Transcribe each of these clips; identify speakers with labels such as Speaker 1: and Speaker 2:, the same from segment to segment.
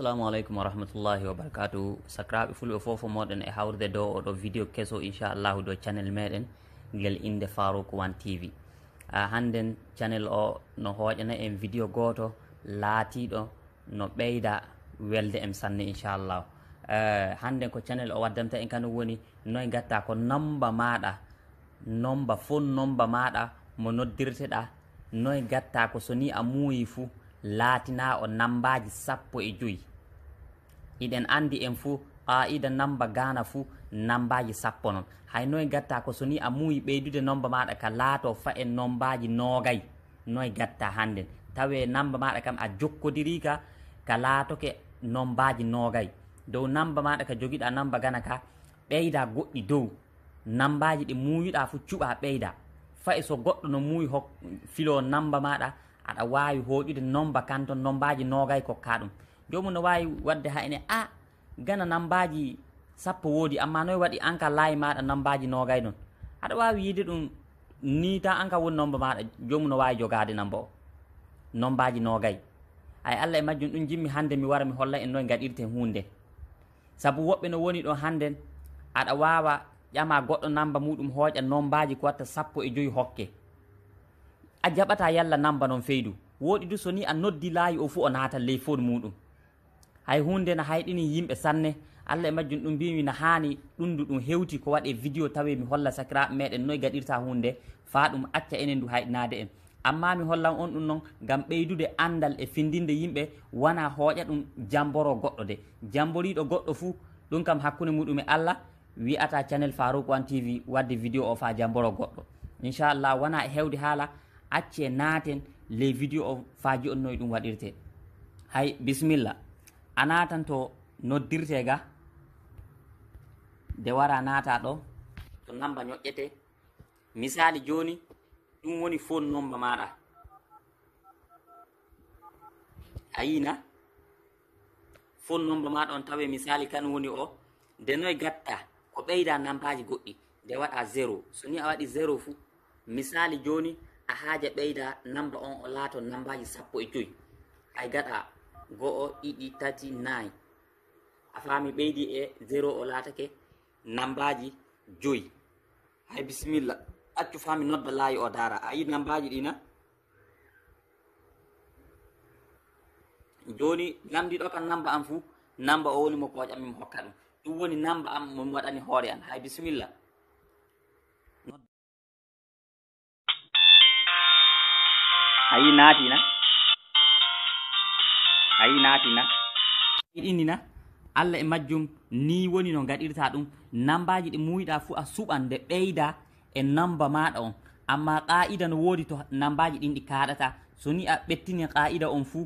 Speaker 1: assalamu aleykum wa rahmatullahi wa barakatuh sakraɓe fulɓe fofo moɗon e hawrde dow oɗo vidéo keso inchallahu dow channel meɗen guel inde farouk one tv uh, hannden channel o no hooƴana en vidéo goto laatiɗo no ɓeyda welde en sanne inchallahu uh, hannden ko channel o waddanta en kano woni noye gatta ko namba maɗa nomba fof nomba maɗa mo noddirteɗa noye gatta ko so ni a muuyi fuu laatina o nambaji sappo e joyi iɗen anndi en fuu ida namba gaana fuu nambaji sappo noon hay noye gatta ko so ni a muuyi ɓeydude nomba maɗa ka laato fa en nombaji noogay noye gatta hannden tawe namba maɗa kam a jokkodiri ka ka laatoke nombaji noogay dow namba maɗa ka jogiɗa namba gana ka ɓeyda goɗɗi dow nambaji ɗi muuyiɗa fuu cuɓa ɓeyda faye so goɗɗo no muuyi hok filo namba maɗa aɗa wawi hooƴude nomba kanto nombaji noogay kokka ɗum jomum no wawi wadde ha ene a ah, gana nambaji sappo woodi amma noy waɗi an ka laayi maɗa nambaji nogay noon aɗa wawi yiide ɗum niita an ka woni nomba maɗa jomum no wawi jogade namba o nombaji nogay ay allah e majjum ɗum jimmi hande mi wara mi holla en noy gaɗirte hunde saabu woɓɓe no woni ɗo hannden aɗa wawa ƴama goɗɗo namba muɗum hooƴa nombaji ko watta sappo e joyi hokke a jaɓata yalla namba noon feydu woɗi du so ni a noddi laayi o fuu o naatan ley fod muɗum hay hunde no hayɗini yimɓe sanne allah e majjum ɗum mbimi no hani ɗundu ɗum hewti ko waɗi vidéo tawi mi holla sakiraɓe meɗen noyi gaɗirta hunde fa ɗum acca enen ndu hayɗinade en amma mi hollan on ɗum noon gam ɓeydude andal e findinde yimɓe wona hooƴa ɗum jamboro goɗɗo de jamboriɗo goɗɗo fuu ɗum kam hakkude muɗum e allah wiyata channel farouko an tv wadde vidéo o fa jamboro goɗɗo inchallah wona e hewde haala acce naaten les vidéo o faji on noyi ɗum waɗirte hay bisimilla a natan to noddirtega de wara nata ɗo to namba ñoƴƴete misali joni ɗum woni fon nomba maɗa ayina fon nomba maɗa on tawe misali kan woni o nde noye gatta ko ɓeyda nambaji goɗɗi nde waɗa zéro so ni a waɗi zéro fu misali joni a haaja ɓeyda namba on o laato nambaji sappo e joyi ay gaɗa go'o ɗiɗi tati nayi a faami ɓeydi e zéro o laatake nambaji joyi hay bisimilla accu faami nodda laayi o daara a yi nambaji ɗina joni lamdiɗo kam namba am fuu namba o woni mo kooƴam mi mo hokka ɗum ɗum woni namba am mo waɗani hoore an hay bisimilla a yi naatina ayi natina iɗinina allah e majjum ni woni no gaɗirta ɗum nambaji ɗi muyiɗa fuu a suɓan nde ɓeyda e namba maɗa on amma qa'ida no wodi to nambaji ɗin ɗi kaɗata soni a ɓettini qa'ida on fuu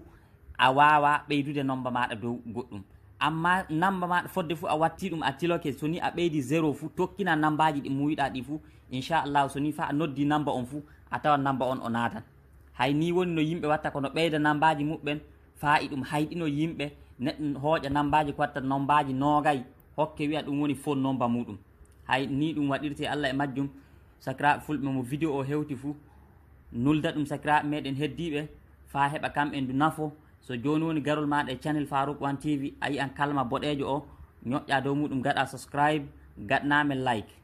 Speaker 1: a wawa ɓeydude namba maɗa dow goɗɗum amma namba maɗa fodde fuu a watti ɗum a tiloke soni a ɓeydi zéro fuu tokkina nambaji ɗi muyiɗa ɗi fuu inchallahu soni fa a noddi namba on fuu a tawa namba on o natan hay ni woni no yimɓe watta kono ɓeyda nambaji muɓɓen faayi ɗum hayɗino yimɓe neɗɗo hooƴa nambaji ko watta nombaji noogayi hokke wiya ɗum woni fon nomba muɗum hay ni ɗum waɗirte allah e majjum sakiraɓe fulɓe mo vidéo o hewti fuu nulda ɗum sakiraɓe meɗen heddiɓe fa heɓa kam en du nafo so joni woni garol maɗa e channel farouk on tv a yiyan kalma boɗejo o ñoƴƴa dow muɗum gaɗa subscribe gaɗanamen like